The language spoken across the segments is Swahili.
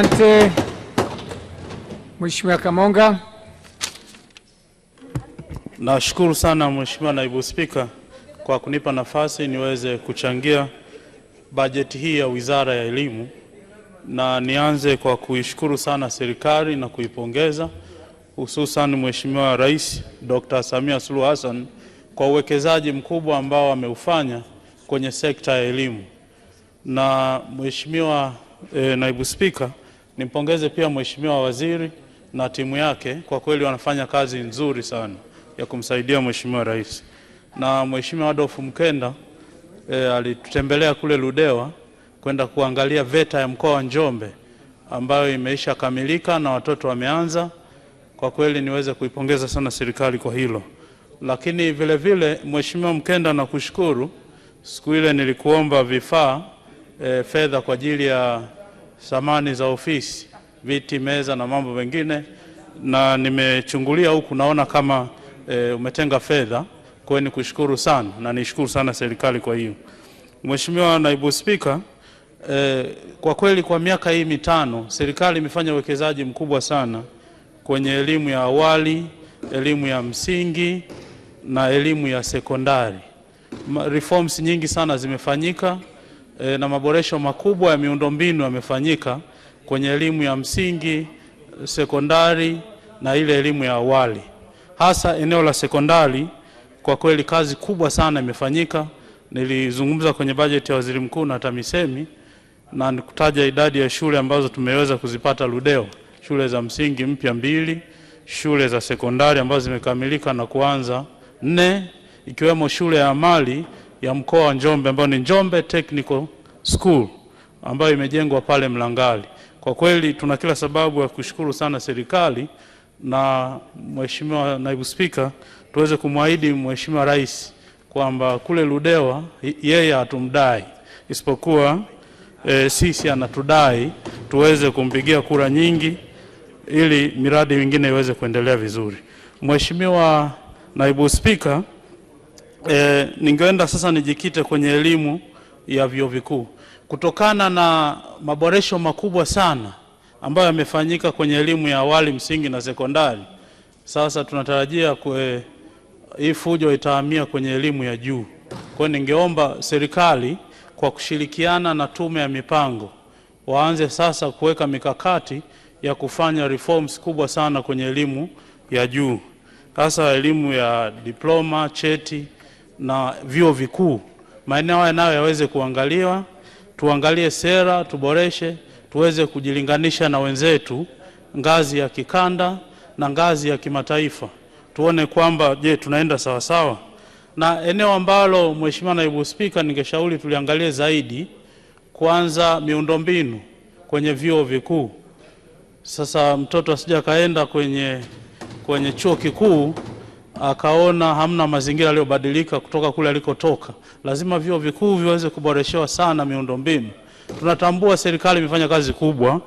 Asante Mheshimiwa Kamonga. Nashukuru sana Mheshimiwa Naibu Spika kwa kunipa nafasi niweze kuchangia bajeti hii ya Wizara ya Elimu, na nianze kwa kuishukuru sana serikali na kuipongeza hususan Mheshimiwa Rais Dr. Samia Suluhu Hassan kwa uwekezaji mkubwa ambao ameufanya kwenye sekta ya elimu. Na Mheshimiwa e, Naibu Spika, Nimpongeze pia Mheshimiwa Waziri na timu yake, kwa kweli wanafanya kazi nzuri sana ya kumsaidia Mheshimiwa Rais. Na Mheshimiwa Adolf Mkenda e, alitutembelea kule Ludewa kwenda kuangalia VETA ya mkoa wa Njombe ambayo imeisha kamilika na watoto wameanza. Kwa kweli niweze kuipongeza sana serikali kwa hilo, lakini vile vile Mheshimiwa Mkenda nakushukuru, siku ile nilikuomba vifaa e, fedha kwa ajili ya samani za ofisi, viti, meza na mambo mengine, na nimechungulia huku naona kama e, umetenga fedha. Kwa ni nikushukuru sana na nishukuru sana serikali kwa hiyo. Mheshimiwa Naibu Spika, e, kwa kweli kwa miaka hii mitano serikali imefanya uwekezaji mkubwa sana kwenye elimu ya awali, elimu ya msingi na elimu ya sekondari. Reforms nyingi sana zimefanyika e, na maboresho makubwa ya miundombinu yamefanyika kwenye elimu ya msingi, sekondari na ile elimu ya awali. Hasa eneo la sekondari, kwa kweli kazi kubwa sana imefanyika. Nilizungumza kwenye bajeti ya Waziri Mkuu na TAMISEMI na nikutaja idadi ya shule ambazo tumeweza kuzipata Ludewa, shule za msingi mpya mbili, shule za sekondari ambazo zimekamilika na kuanza nne, ikiwemo shule ya amali ya mkoa wa Njombe ambayo ni Njombe Technical School ambayo imejengwa pale Mlangali. Kwa kweli tuna kila sababu ya kushukuru sana serikali na Mheshimiwa Naibu Spika, tuweze kumwahidi Mheshimiwa Rais kwamba kule Ludewa yeye hatumdai, isipokuwa e, sisi anatudai tuweze kumpigia kura nyingi ili miradi mingine iweze kuendelea vizuri. Mheshimiwa Naibu Spika, E, ningeenda sasa nijikite kwenye elimu ya vyuo vikuu kutokana na maboresho makubwa sana ambayo yamefanyika kwenye elimu ya awali, msingi na sekondari. Sasa tunatarajia hii fujo itahamia kwenye elimu ya juu. Kwa hiyo ningeomba serikali kwa kushirikiana na tume ya mipango waanze sasa kuweka mikakati ya kufanya reforms kubwa sana kwenye elimu ya juu, hasa elimu ya diploma, cheti na vyuo vikuu. Maeneo haya nayo yaweze kuangaliwa, tuangalie sera, tuboreshe, tuweze kujilinganisha na wenzetu ngazi ya kikanda na ngazi ya kimataifa, tuone kwamba je, tunaenda sawasawa. Na eneo ambalo Mheshimiwa Naibu Spika, ningeshauri tuliangalie zaidi, kwanza miundombinu kwenye vyuo vikuu. Sasa mtoto asija kaenda kwenye, kwenye chuo kikuu akaona hamna mazingira yaliyobadilika kutoka kule alikotoka. Lazima vyuo vikuu viweze kuboreshewa sana miundombinu. Tunatambua serikali imefanya kazi kubwa,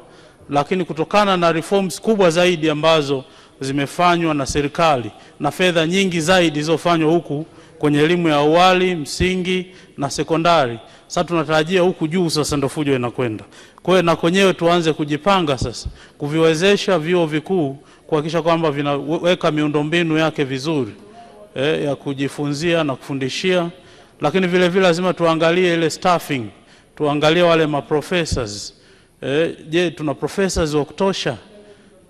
lakini kutokana na reforms kubwa zaidi ambazo zimefanywa na serikali na fedha nyingi zaidi zilizofanywa huku kwenye elimu ya awali, msingi na sekondari, sasa tunatarajia huku juu sasa ndo fujo inakwenda. Kwa hiyo na kwenyewe tuanze kujipanga sasa kuviwezesha vyuo vikuu kuhakikisha kwamba vinaweka miundombinu yake vizuri eh, ya kujifunzia na kufundishia, lakini vile vile lazima tuangalie ile staffing, tuangalie wale maprofessors eh, je, tuna professors wa kutosha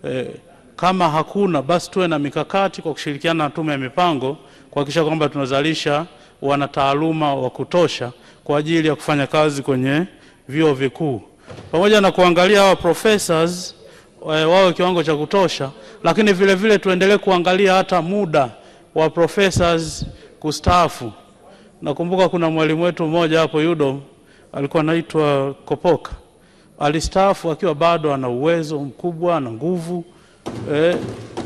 eh, kama hakuna basi tuwe na mikakati kwa kushirikiana na Tume ya Mipango kuhakikisha kwamba tunazalisha wanataaluma wa kutosha kwa ajili ya kufanya kazi kwenye vyuo vikuu pamoja na kuangalia hawa professors Eh, wawe kiwango cha kutosha, lakini vile vile tuendelee kuangalia hata muda wa professors kustaafu. Nakumbuka kuna mwalimu wetu mmoja hapo Yudom alikuwa anaitwa Kopoka, alistaafu akiwa bado ana uwezo mkubwa, na nguvu eh,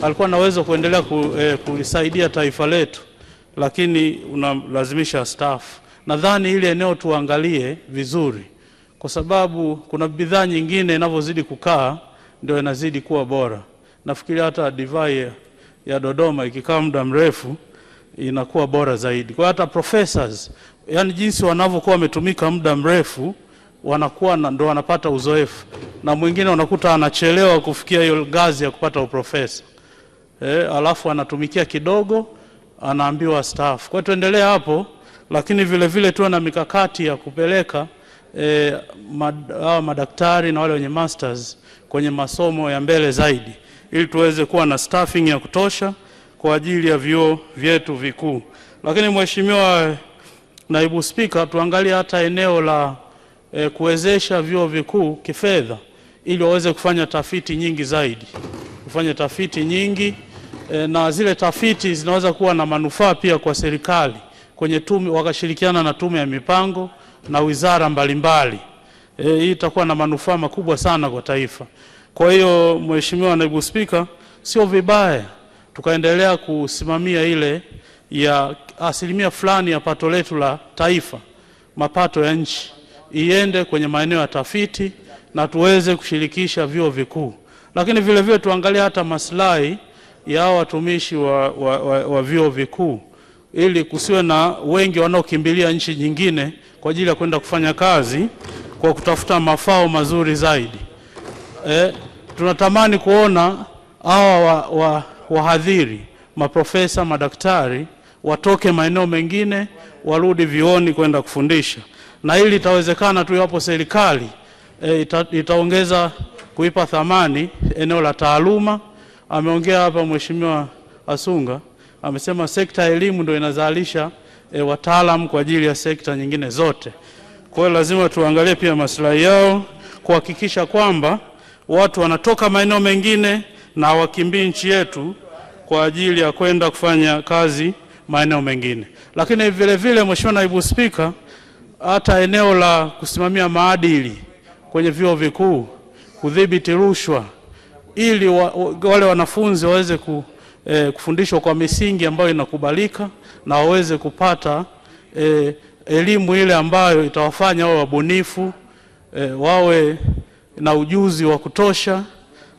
alikuwa na uwezo kuendelea ku, eh, kulisaidia taifa letu, lakini unalazimisha staafu. Nadhani ili eneo tuangalie vizuri, kwa sababu kuna bidhaa nyingine inavyozidi kukaa ndio inazidi kuwa bora. Nafikiri hata divai ya Dodoma ikikaa muda mrefu inakuwa bora zaidi. Kwa hata professors, yani jinsi wanavyokuwa wametumika muda mrefu wanakuwa ndo wanapata uzoefu, na mwingine unakuta anachelewa kufikia hiyo ngazi ya kupata uprofesa eh, alafu anatumikia kidogo, anaambiwa staff. Kwa tuendelee hapo, lakini vilevile tuwe na mikakati ya kupeleka eh, mad, madaktari na wale wenye masters kwenye masomo ya mbele zaidi, ili tuweze kuwa na staffing ya kutosha kwa ajili ya vyuo vyetu vikuu. Lakini Mheshimiwa Naibu Spika, tuangalie hata eneo la eh, kuwezesha vyuo vikuu kifedha ili waweze kufanya tafiti nyingi zaidi, kufanya tafiti nyingi eh, na zile tafiti zinaweza kuwa na manufaa pia kwa serikali kwenye tume, wakashirikiana na tume ya mipango na wizara mbalimbali mbali. E, hii itakuwa na manufaa makubwa sana kwa taifa. Kwa hiyo Mheshimiwa Naibu Spika, sio vibaya tukaendelea kusimamia ile ya asilimia fulani ya pato letu la taifa, mapato ya nchi iende kwenye maeneo ya tafiti na tuweze kushirikisha vyuo vikuu, lakini vilevile tuangalie hata maslahi ya watumishi wa, wa, wa, wa vyuo vikuu ili kusiwe na wengi wanaokimbilia nchi nyingine kwa ajili ya kwenda kufanya kazi kwa kutafuta mafao mazuri zaidi. E, tunatamani kuona hawa wahadhiri wa, wa maprofesa, madaktari watoke maeneo mengine warudi vioni kwenda kufundisha, na hili itawezekana tu iwapo serikali e, ita, itaongeza kuipa thamani eneo la taaluma. Ameongea hapa Mheshimiwa Asunga amesema sekta ya elimu ndio inazalisha e, wataalamu kwa ajili ya sekta nyingine zote. Kwa hiyo lazima tuangalie pia maslahi yao, kuhakikisha kwamba watu wanatoka maeneo mengine na hawakimbii nchi yetu kwa ajili ya kwenda kufanya kazi maeneo mengine. Lakini vile vile, Mheshimiwa Naibu Spika, hata eneo la kusimamia maadili kwenye vyuo vikuu, kudhibiti rushwa ili wa, wale wanafunzi waweze ku e, kufundishwa kwa misingi ambayo inakubalika na waweze kupata e, elimu ile ambayo itawafanya wawe wabunifu e, wawe na ujuzi wa kutosha,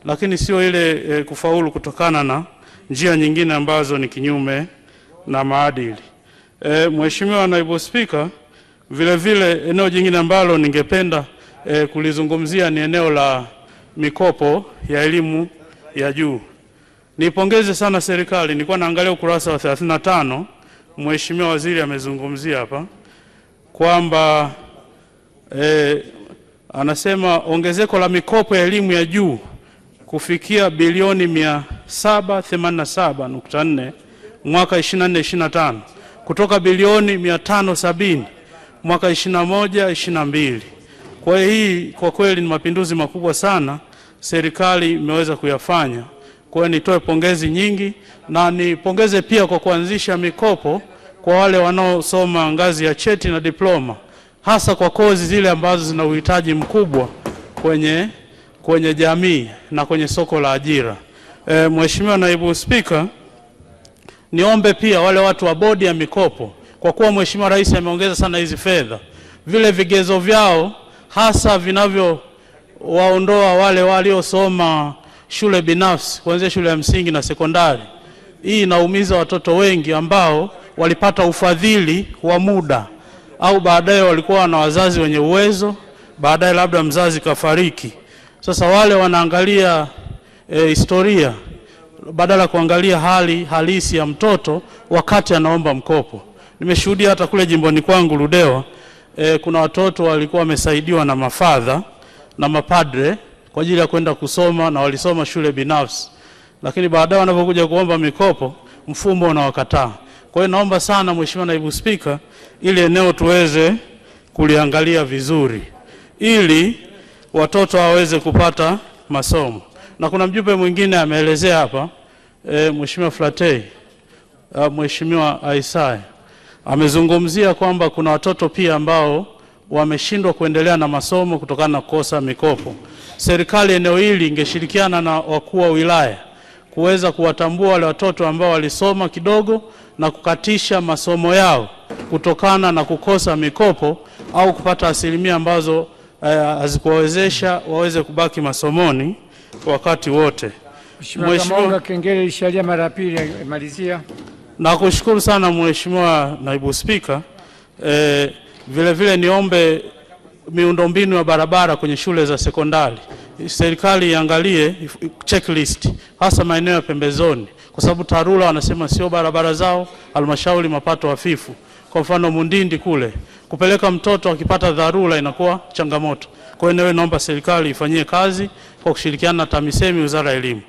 lakini sio ile e, kufaulu kutokana na njia nyingine ambazo ni kinyume na maadili. E, Mheshimiwa Naibu Spika, vile vile eneo jingine ambalo ningependa e, kulizungumzia ni eneo la mikopo ya elimu ya juu nipongeze sana serikali. Nilikuwa naangalia ukurasa wa 35, Mheshimiwa Waziri amezungumzia hapa kwamba eh, anasema ongezeko la mikopo ya elimu ya juu kufikia bilioni 787.4 mwaka 24 25 kutoka bilioni 570 mwaka 21 22. Kwa hiyo hii kwa kweli ni mapinduzi makubwa sana serikali imeweza kuyafanya. Kwa hiyo nitoe pongezi nyingi na nipongeze pia kwa kuanzisha mikopo kwa wale wanaosoma ngazi ya cheti na diploma, hasa kwa kozi zile ambazo zina uhitaji mkubwa kwenye, kwenye jamii na kwenye soko la ajira. E, Mheshimiwa Naibu Spika, niombe pia wale watu wa bodi ya mikopo, kwa kuwa Mheshimiwa Rais ameongeza sana hizi fedha, vile vigezo vyao hasa vinavyowaondoa wale waliosoma shule binafsi kuanzia shule ya msingi na sekondari. Hii inaumiza watoto wengi ambao walipata ufadhili wa muda au baadaye walikuwa na wazazi wenye uwezo, baadaye labda mzazi kafariki. Sasa wale wanaangalia e, historia badala ya kuangalia hali halisi ya mtoto wakati anaomba mkopo. Nimeshuhudia hata kule jimboni kwangu Ludewa, e, kuna watoto walikuwa wamesaidiwa na mafadha na mapadre kwa ajili ya kwenda kusoma na walisoma shule binafsi, lakini baadaye wanapokuja kuomba mikopo mfumo unawakataa. Kwa hiyo naomba sana Mheshimiwa Naibu Spika, ili eneo tuweze kuliangalia vizuri ili watoto waweze kupata masomo. Na kuna mjumbe mwingine ameelezea hapa e, Mheshimiwa Flatei, Mheshimiwa Aisai amezungumzia kwamba kuna watoto pia ambao wameshindwa kuendelea na masomo kutokana na kukosa mikopo. Serikali eneo hili ingeshirikiana na wakuu wa wilaya kuweza kuwatambua wale watoto ambao walisoma kidogo na kukatisha masomo yao kutokana na kukosa mikopo au kupata asilimia ambazo eh, hazikuwawezesha eh, waweze kubaki masomoni wakati wote. Mheshimiwa kengele ishalia mara ya pili, malizia. Nakushukuru sana Mheshimiwa Naibu Spika eh, vile vile niombe miundombinu ya barabara kwenye shule za sekondari, serikali iangalie checklist, hasa maeneo ya pembezoni, kwa sababu TARURA wanasema sio barabara zao, halmashauri mapato hafifu. Kwa mfano Mundindi kule, kupeleka mtoto akipata dharura inakuwa changamoto. Kwa hiyo, naomba serikali ifanyie kazi kwa kushirikiana na TAMISEMI, wizara ya elimu.